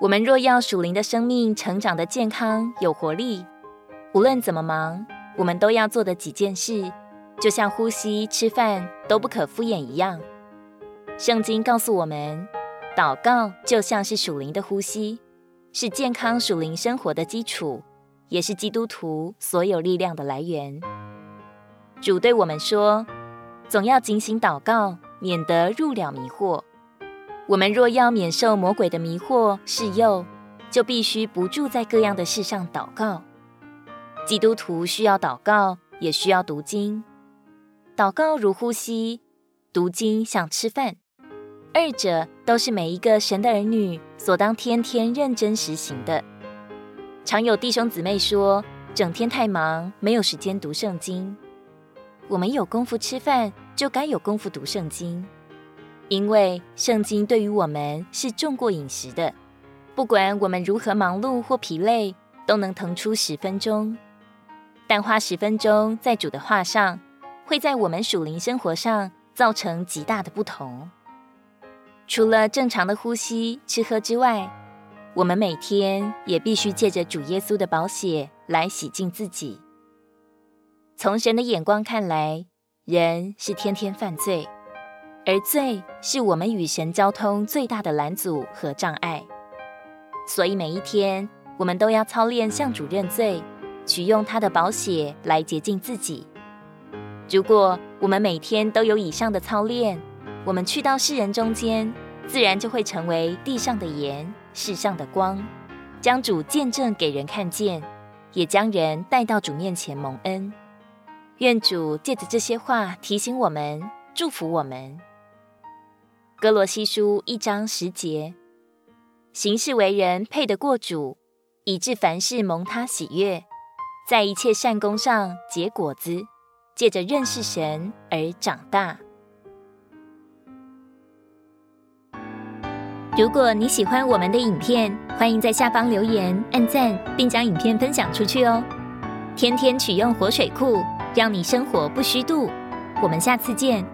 我們若要屬靈的生命成長得健康有活力，無論怎麼忙，我們都要做的幾件事，就像呼吸、吃飯都不可敷衍一樣。聖經告訴我們，禱告就像是屬靈的呼吸，是健康屬靈生活的基礎，也是基督徒所有力量的來源。主對我們說，總要警醒禱告，免得入了迷惑。我們若要免受魔鬼的迷惑、是誘，就必須不住在各樣的事上禱告。基督徒需要禱告，也需要讀經。禱告如呼吸，讀經像吃飯，二者都是每一個神的兒女所當天天認真實行的。常有弟兄姊妹說，整天太忙，沒有時間讀聖經。我們有功夫吃飯，就該有功夫讀聖經。因為聖經對於我們是重過飲食的，不管我們如何忙碌或疲累，都能騰出十分鐘。但花十分鐘在主的話上，會在我們屬靈生活上造成極大的不同。除了正常的呼吸、吃喝之外，我們每天也必須借着主耶穌的寶血來洗淨自己。從神的眼光看來，人是天天犯罪。而罪是我們與神交通最大的攔阻和障礙，所以每一天我們都要操練向主認罪，取用他的寶血來潔淨自己。如果我們每天都有以上的操練，我們去到世人中間，自然就會成為地上的鹽、世上的光，將主見證給人看見，也將人帶到主面前蒙恩。願主借着這些話提醒我們，祝福我們。歌羅西書一章十節，行事為人配得過主，以致凡事蒙他喜悅，在一切善工上結果子，借着認識神而長大。如果你喜歡我們的影片，歡迎在下方留言、按贊，並將影片分享出去哦！天天取用活水庫，讓你生活不虛度。我們下次見。